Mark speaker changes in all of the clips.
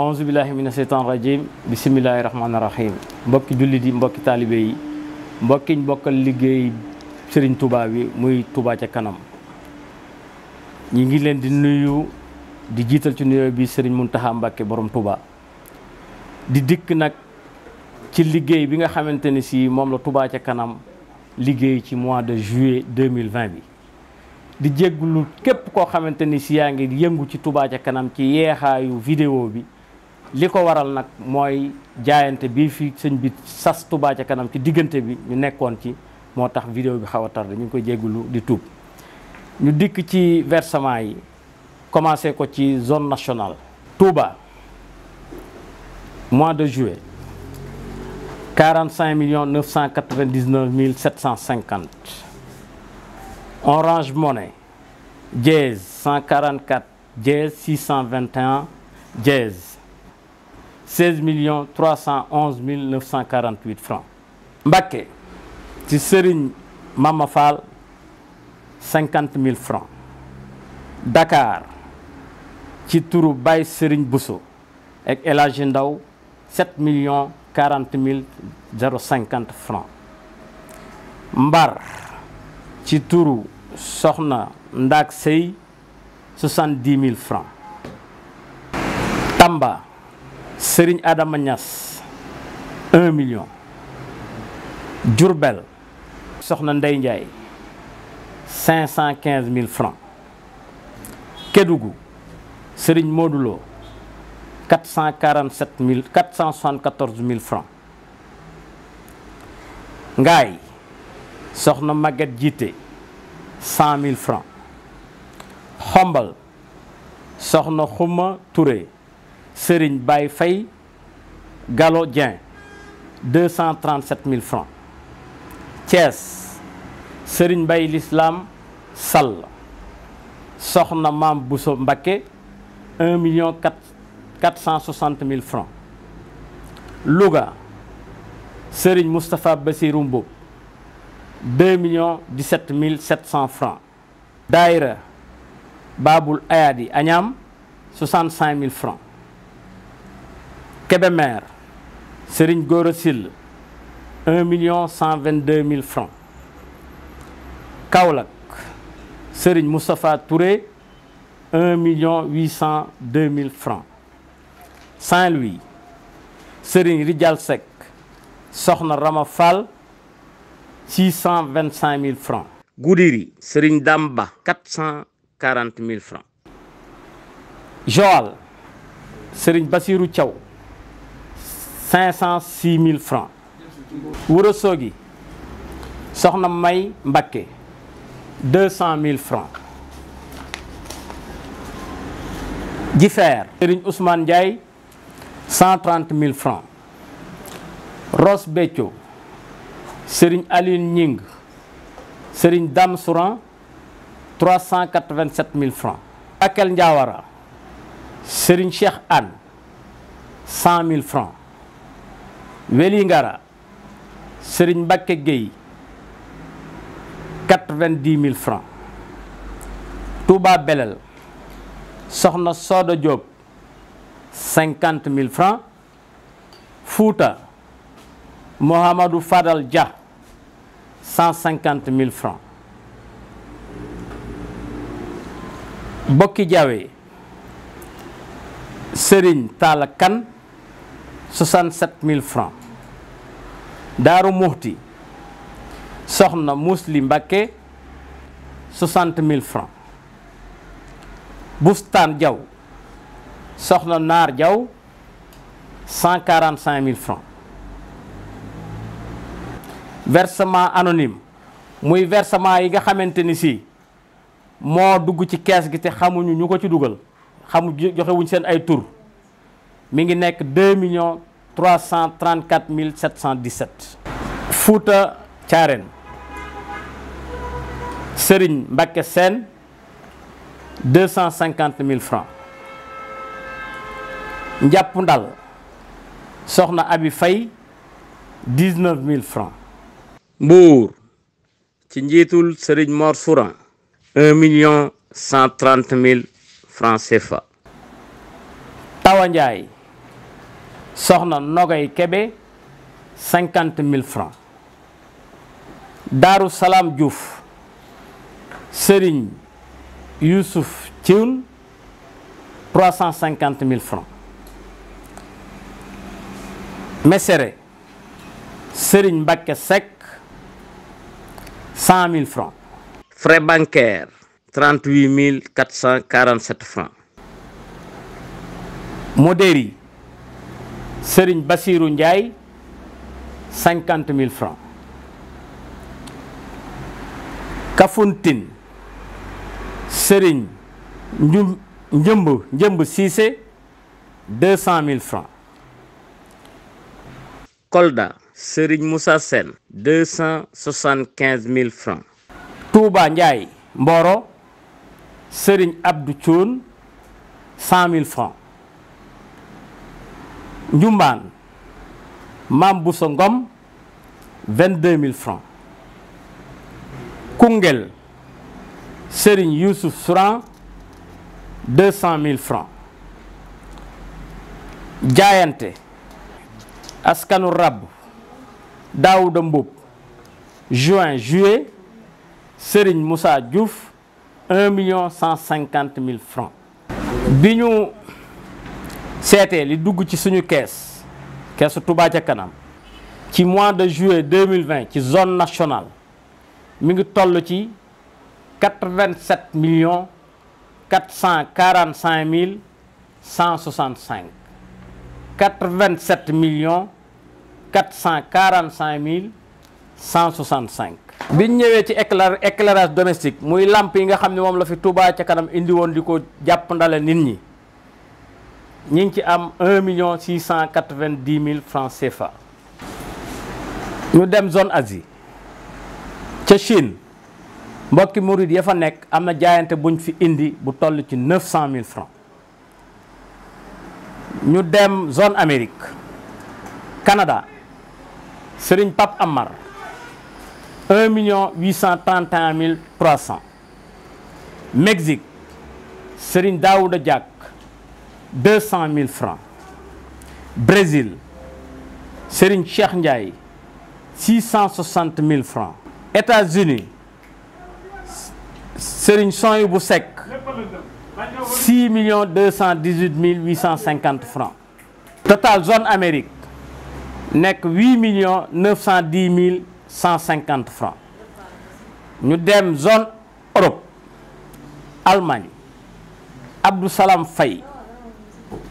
Speaker 1: aouzu billahi mina seytaan rajim bisimilahi rahmaani rahim mbokki jullit yi mbokki taalibe yi mbokkiñ bokkal liggéey sëriñ Touba bi muy tubaa ca kanam ñi ngi leen di nuyu di jiital ci nuyoo bi sëriñ Muntaxa Mbàkke borom tubaa di dikk nag ci liggéey bi nga xamante ni si moom la Touba ca kanam liggéey ci mois de juillet 2020 bi di jégglu képp koo xamante si yaa ngi yëngu ci Touba ca kanam ci yeexaayu vidéo bi li ko waral nag mooy jaayante bii fi sëñ bi sas Touba ca kanam ci diggante bi ñu nekkoon ci moo tax vidéo bi xaw a tardé ñu ngi koy jéggulu di tuub ñu dikk ci versement yi commencé ko ci zone nationale Touba mois de juillet 45 millions 999 mille 750 Orange Money dièse 144 dièse 621 dièse 16 millions 311 mille 948 francs Mbacké ci Serigne Mama Fall mille francs Dakar ci turu Baye Serigne Bousso ak El Hadji Ndaw 7 millions 40 mille 050 francs Mbar ci turu Soxna Ndak Sey 70 mille francs Tamba Serigne Adama Niass un million Soxna Ndey Ndiaye quinze mille francs Kédougou Serigne Modou Lo quatre cent cent soixante mille francs Ngaay Soxna Maguette jiite cent mille francs Xombal Soxna Xuma Touré Serigne bay Faye galo Dieng deux cent trente sept mille francs Thiès Serigne l'Islam Sall Soxna Maam Bousso Mbacké un million quatre cent soixante mille francs Louga Serigne Moustapha Bassirou Mboup deux millions dix mille sept cent francs Daïra Babul Ayadi mille francs Kébémer Serigne Gora Sill un million cent vingt-deux mille francs Kaolack Serigne Moustapha Touré million huit cent deux mille francs Saint-Louis Serigne Rijal Seck Soxna ramafal Fall six cent vingt-cinq mille francs Goudiri Serigne Damba quatre quarante mille francs Joal Serigne Bassirou Thiaw cinq cent mille francs soxna May Mbakke deux mille francs Jifeer Serigne Ousmane Ndiaye cent mille francs Ross Béthio Serigne Aline Nying Serigne Dame Souran trois cent quatre vingt mille francs Bakel Ndiawara Serigne Cheikh Anne cent mille francs Weli Ngara Serigne Mbacke Gueye quatre mille francs Touba Belel Soxna Soda Diop cinquante mille francs Fouta Mohamadou Fadal Dia cent mille francs Bokki Diawé Serigne Talla Kane soixante mille francs daaru muxti soxna musli mbakke soixante mille francs bustaan jaw soxna naar jaw cent quarante cinq mille francs versement anonyme muy versement yi nga xamante ni si moo dugg ci kees gi te xamuñu ñu ko ci dugal xamu joxewuñ seen ay tur mu ngi nekk deux millions 334 717 Fouta Thiarène Serigne Mbacké Sène 250 000 francs Njàpp Ndal Soxna Abi fay 19 000 francs Mbour ci njiitul Serigne Mor million 130 000 francs CFA Tawa soxna Nogay Kebe cinquante mille francs Daaru Salaam Diouf Sëriñ Youssouf Thioune trois mille francs Mesere Sëriñ Mbakke Seck cent mille francs frais bancaires trente huit francs Modéri Serigne Bassirou Ndiaye cinquante mille francs Kafountine Serigne Njum Njëmb Njëmb Cissé deux cent mille francs Kolda Serigne Moussa Sène deux cent quinze mille francs Touba Ndiaye Mboro Serigne Abdou Thioune cent mille francs Ndjumbaan Maam Bousso Ngom vingt deux mille francs Koungheul Serigne Youssouf Souran mille francs jayante Askanu Rab Daouda Mboup juin juillet Serigne Moussa Diouf un million cent cinquante mille francs seetee li dugg ci suñu kees keesu Touba ca kanam ci mois de juillet 2020 ci zone nationale mi ngi toll ci 87 millions 445 mille 165 87 millions 445 mille 165. biñ ñëwee ci éclair éclairage domestique muy làmp yi nga xam ne moom la fi tubaa ca kanam indi woon di ko jàpp ndale nit ñi. ñi ngi ci am 1 million 690 mille francs CFA ñu dem zone Asie ca Chine mbokki murid ya fa nekk am na jaayante buñ fi indi bu toll ci 900 mille ñu dem zone Amérique Canada sëriñ Pape Amar 1 million 831 mille 300 Mexique Serigne dawuda Diak deux mille francs Brésil seriñ Cheikh Ndiaye six cent soixante mille francs États-Unis Serigne Sohaibou Seck six millions deux cent dix-huit mille huit cent cinquante francs total zone Amérique nekk huit millions neuf cent mille cent cinquante francs ñu dem zone Europe Allemagne Abdou Salam Faye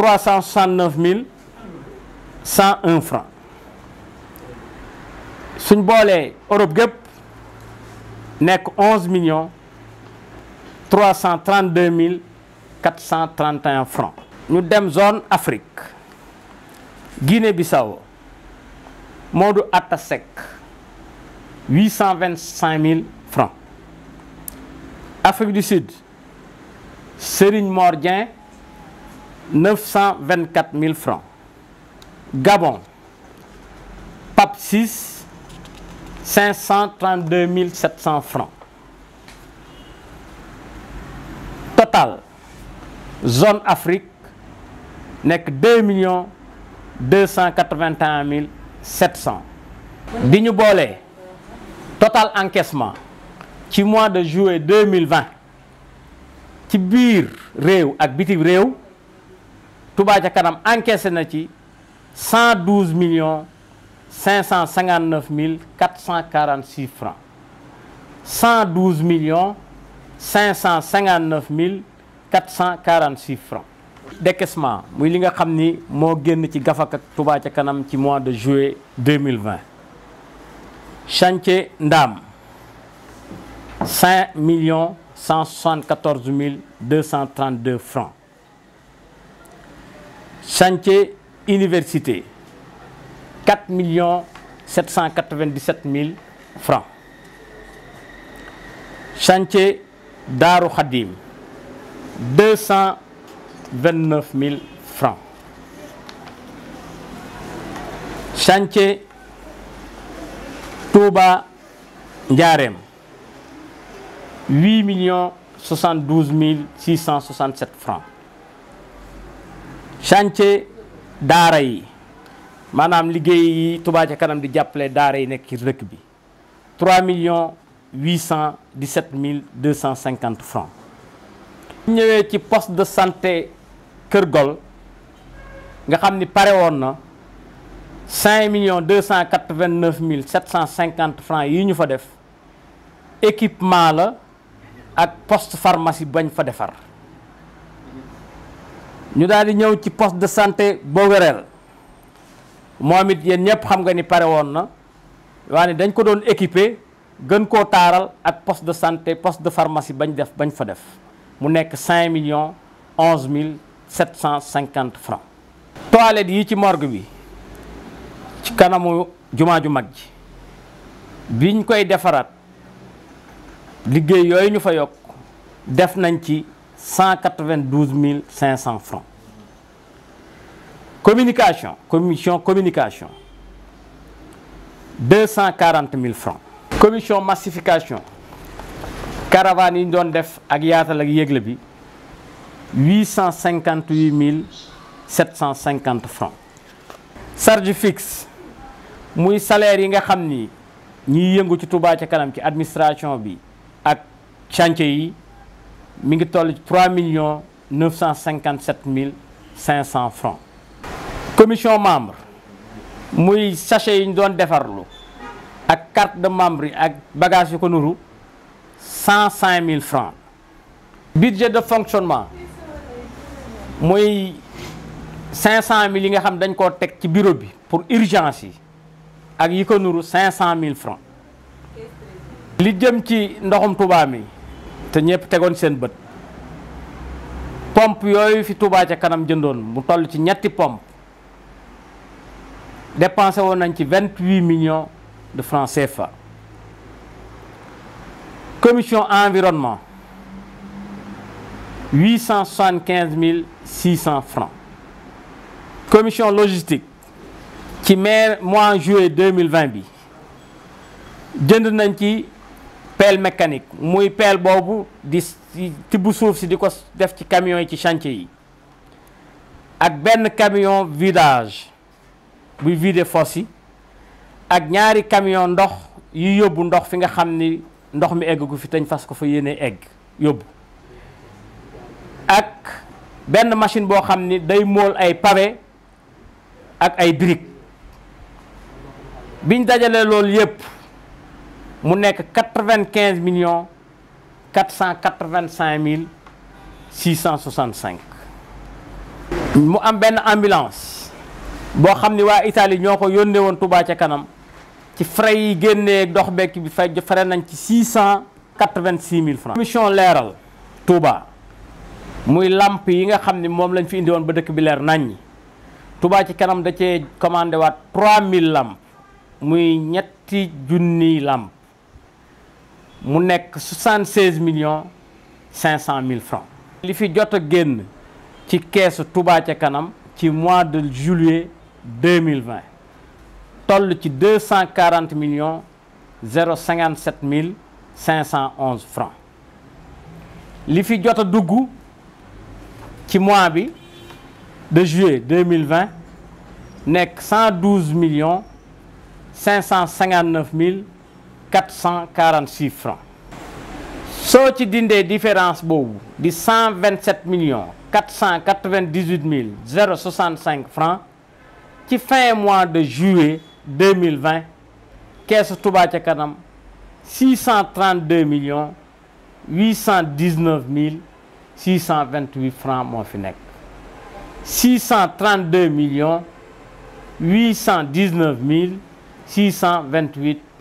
Speaker 1: trois cent soixante cent un suñ boolee Europe gépp nekk onze millions trois cent trente deux mille quatre francs ñu dem zone Afrique Guinée Bissau Modou Atta Seck huit cent mille francs Afrique du Sud Serigne Mor neuf vingt quatre mille francs Gabon PAP 6 cinq cent mille sept cent francs total zone Afrique nekk deux millions deux cent quatre mille sept cent bi ñu boolee total encaissement ci mois de juillet deux mille vingt ci biir réew ak bitim réew Touba ca kanam encaissé na ci cent douze millions cinq cent cinquante mille quatre cent quarante six francs cent douze millions cinq cent cinquante mille quatre cent quarante six francs décaissement muy li nga xam ni moo génn ci gafak ak Touba ca kanam ci mois de juillet 2020 chantier Ndaam cinq millions cent soixante mille deux cent trente deux francs chantier université million 4 millions 797 mille francs chantier Daaru Xadim mille francs chantier Touba Ndiarème 8 millions 72 mille 667 francs chance daara yi maanaam liggéey yi Touba ca kanam di jàppale daara yi nekk ci dëkk bi 3 millions 817 mille 250 francs bu ñëwee ci poste de santé Kër Gol nga xam ni pare woon na 5 millions 289 mille 750 francs yi ñu fa def équipement la ak post pharmacie bañ fa defar ñu daal di ñëw ci poste de santé boo wéreel moom it yéen ñëpp xam nga ni pare woon na waane dañ ko doon équiper gën koo taaral ak poste de santé poste de pharmacie bañ def bañ fa def mu nekk 5 million 11 mille cent cinquante francs toilettes yi ci morgue bi ci kanamu jumaa ju mag ji biñ koy defaraat liggéey yooyu ñu fa yokk def nañ ci 192 500 francs communication commission communication 240 000 francs commission massification caravan yi ñu doon def ak yaatal ak yégle bi 858 750 francs charge fixe muy salaire yi nga xam ni ñiy yëngu ci Touba ci kanam ci administration bi ak chantier yi mi ngi toll ci 3 millions 957 mille 500 francs commission membre muy sachet yi ñu doon defarlu ak carte de membre yi ak bagage yu ko nuru 105 mille francs budget de fonctionnement muy 500 mille yi nga xam dañ koo teg ci bureau bi pour urgence yi ak yi ko nuru 500 mille francs li jëm ci ndoxum Touba mi te ñëpp tegoon seen bët pompe yooyu fi Touba ca kanam jëndoon mu toll ci ñetti pompe dépensé woon nañ ci vingt huit millions de francs CFA commission environnement huit cent quinze mille six cent francs commission logistique ci mai mois juillet deux mille vingt bi jënd nañ ci. pelle mécanique muy pelle boobu di tibb suuf si di ko def ci camion yi ci chantier yi ak benn camion vidage buy vider fosse yi ak ñaari camion ndox yu yóbbu ndox fi nga xam ni ndox mi egg gu fi teñ fas ko fa yéene egg yóbbu ak benn machine boo xam ni day mool ay pavé ak ay briques biñ dajalee loolu yépp mu nekk quatre-vingt-quinze millions quatre cent quatre-vingt-cinq mille six cent soixante-cinq mu am benn ambulance boo xam ni waa Italie ñoo ko yónnee woon Touba ca kanam ci fray yi génnee dox bekk bi fay frais nañ ci six cent mille francs mission leeral Touba muy làmp yi nga xam ni moom lañ fi indi woon ba dëkk bi leer nañ Touba ci kanam da cee commandé waat mille làmp muy ñetti junniy làmp mu nekk million millions 500 mille francs li fi jot a génn ci keesu Touba ca kanam ci mois de juillet 2020 toll ci 240 millions 057 mille 511 francs li fi jot a dugg ci mois bi de juillet 2020 nekk 112 millions 559 mille quatre cent quarante six francs soo ci dindee différence boobu di cent vingt sept millions quatre cent quatre vingt dix huit mille zéro soixante cinq ci fin mois de juillet deux mille vingt keesu Touba ca kanam six cent trente deux millions huit cent mille six cent vingt huit francs moo fi nekk six cent trente deux millions mille six cent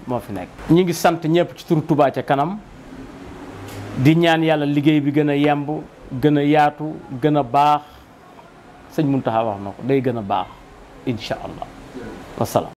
Speaker 1: moo fi nekk. ñi ngi sant ñëpp ci turu tubaa ca kanam di ñaan yàlla liggéey bi gën a yemb gën a yaatu gën a baax sëñ Mountakha wax na ko day gën a baax incha allah wasalaam.